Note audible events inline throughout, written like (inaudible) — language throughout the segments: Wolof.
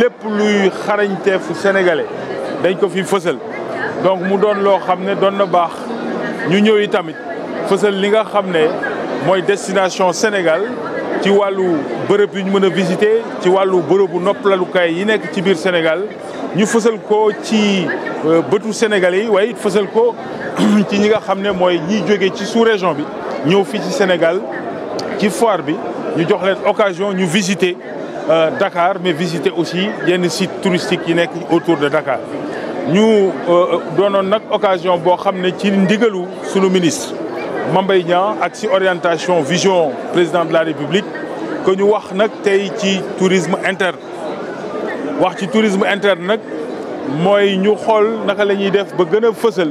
lépp luy xarañteefu sénégalais dañ ko fi fësal donc mu doon loo xam ne doon na baax ñu ñëw yi tamit fësal li nga xam ne mooy destination Sénégal ci wàllu bërëb bi ñu mën a visiter ci wàllu bërëbu noppalukaay yi nekk ci biir Sénégal ñu fësal ko ci euh, bëtu sénégalais yi waaye it fësal ko (clears throat) ci ñi nga xam ne mooy ñiy jóge ci sous-région bi ñëw fii ci Sénégal ci foire bi ñu jox leen occasion ñu visiter Euh, Dakar mais visiter aussi yenn sites touristiques yi nekk autour de Dakar ñu euh, doonoon nag occasion boo xam ne ci ndigalu sunu ministre Mame Mbaye ak si orientation vision président de la République que ñu wax nag tey ci tourisme interne wax ci tourisme interne nag mooy ñu xool naka la ñuy def ba gën a fësal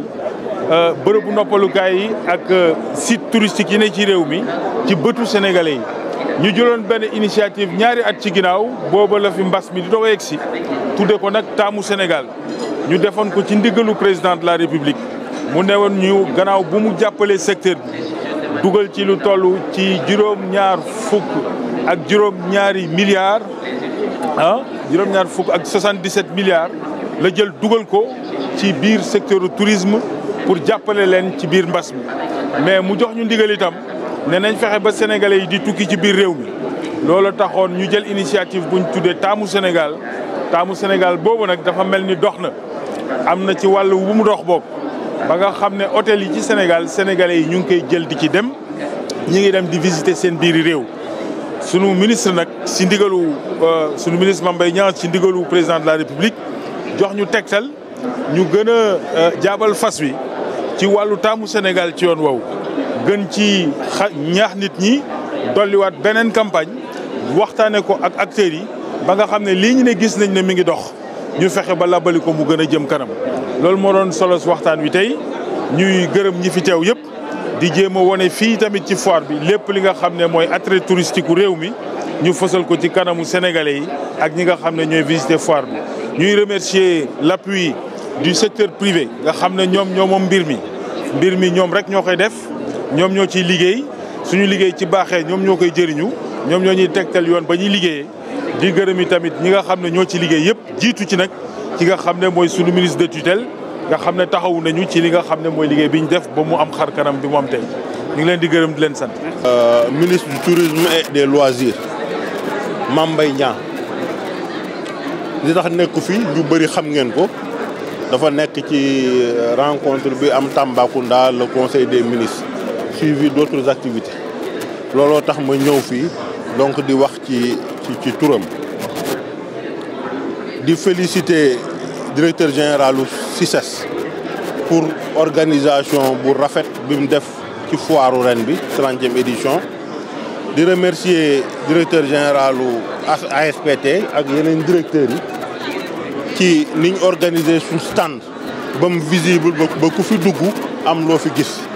euh, bërëbu noppalukaay yi ak site touristique yi ne ci réew mi ci bëtu sénégalais yi ñu jëloon benn initiative ñaari at ci ginnaaw booba la fi mbas mi di doog a yegsi tudde ko nag taamu Sénégal ñu defoon ko ci ndigalu président de la République mu newoon ñu gannaaw bu mu jàppalee secteur bi dugal ci lu tollu ci juróom-ñaar fukk ak juróom-ñaari milliards ah juróom-ñaar fukk ak 77 milliards la jël dugal ko ci biir secteur tourisme pour jàppale leen ci biir mbas mi mais mu jox ñu ndigal itam ne nañ fexe ba sénégalais yi di tukki ci biir réew mi loolu taxoon ñu jël initiative buñ tuddee taamu Sénégal taamu Sénégal boobu nag dafa mel ni dox na am na ci wàllu bu mu dox boobu ba nga xam ne hôtel yi ci Sénégal sénégalais yi ñu ngi koy jël di ci dem ñu ngi dem di visiter seen biiri réew sunu ministre nag si ndigalu euh, sunu ministre Mame Mbaye Niang ci ndigalu président de la République jox ñu tegtal ñu gën a euh, jaabal fas wi ci wàllu taamu Sénégal ci yoon woowu gën ci ñaax nit ñi dolliwaat beneen campagne waxtaane ko ak acteurs yi ba nga xam ne lii ñu ne gis nañ ne mi ngi dox ñu fexe ba labali ko mu gën a jëm kanam loolu moo doon solos waxtaan wi tey ñuy gërëm ñi fi teew yëpp di jéem a wane fii tamit ci foire bi lépp li nga xam ne mooy attrait touristique u réew mi ñu fësal ko ci kanamu sénégalais yi ak ñi nga xam ne ñooy visiter foire bi ñuy remercier l'appui du secteur privé nga xam ne ñoom ñoo mbir mi mbir mi ñoom rek ñoo koy def ñoom ñoo ciy liggéey suñu liggéey ci baaxee ñoom ñoo koy jëriñu ñoom ñoo ñuy tegtal yoon ba ñuy liggéeyee di gërëm yi tamit ñi nga xam ne ñoo ci liggéey yëpp jiitu ci nag ki nga xam ne mooy suñu ministre de tutelle nga xam ne taxawu nañu ci li nga xam ne mooy liggéey bi ñu def ba mu am xar kanam bi mu am tey ñu ngi leen di gërëm di leen sant. Euh, ministre du tourisme et des loisirs Mame Mbaye Niang li tax nekku fi du bëri xam ngeen ko dafa nekk ci euh, rencontre bi am Tambacounda le conseil des ministres. suivi d' autres activités looloo tax ma ñëw fii donc di wax ci ci turam di féliciter directeur généralu CICES e pour organisation bu rafet bi mu def ci foiru ren bi trentième édition di remercier directeur généralu ASPT ak yeneen directeurs yi ci niñ organiser suñ stand ba mu visible ba ku fi dugg am loo fi gis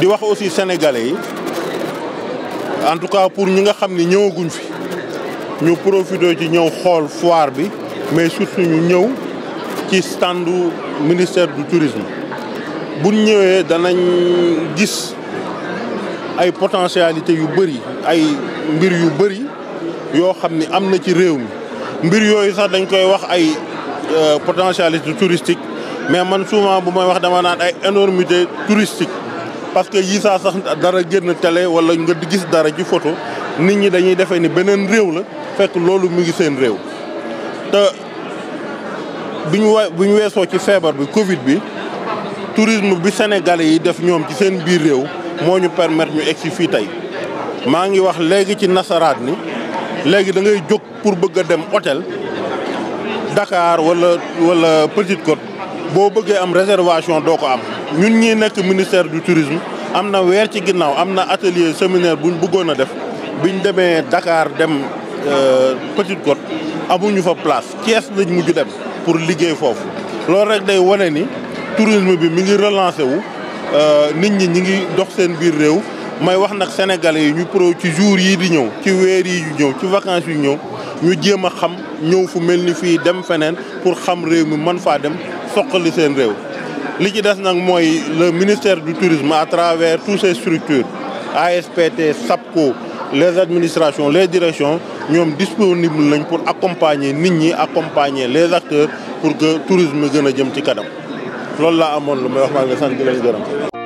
di wax aussi sénégalais yi en tout cas pour ñi nga xam ni ñëwaguñ fi ñu profité ci ñëw xool foire bi mais surtout ñu ñëw ci stand ministère du tourisme buñ ñëwee danañ gis ay potentialité yu bëri ay mbir yu bëri yoo xam ni am na ci réew mi mbir yooyu sax dañ koy wax ay euh, potentialité touristique mais man souvent bu may wax dama naan ay énormité touristique parce que yi saa sax dara génn télé wala nga gis dara ci photo nit ñi dañuy defee ni beneen réew la fekk loolu mu ngi seen réew te bu ñu wa bu ñu weesoo ci feebar bi Covid bi tourisme bi Sénégalais yi def ñoom ci seen biir réew moo ñu permettre ñu si fii tey maa ngi wax léegi ci nasaraat ni léegi da ngay jóg pour bëgg a dem hôtel Dakar wala wala Petite Côte boo bëggee am réservation doo ko am ñu ñii nekk ministère du tourisme am na weer ci ginnaaw am na atelier séminaire buñ bëggoon a def ñu demee Dakar dem euh, Petite Côte amuñu fa place Thiès lañ mujj dem pour liggéey foofu loolu rek day wane ni tourisme bi mi ngi relancé wu euh, nit ñi ñi ngi dox seen biir réew may wax nag sénégalais yi ñu pro ci jours yii di ñëw ci weer yi ñëw ci vacances yu ñëw ñu jéem a xam ñëw fu mel ni fii dem feneen pour xam réew mi mën faa dem soqali seen réew li ci des nag mooy le ministère du tourisme à travers toutes ses structures ASPT SAPCO les administrations les directions ñoom disponible nañ pour accompagner nit ñi accompagner les acteurs pour que tourisme gën a jëm ci kanam loolu laa amoon lu may wax maa ngi sant di leen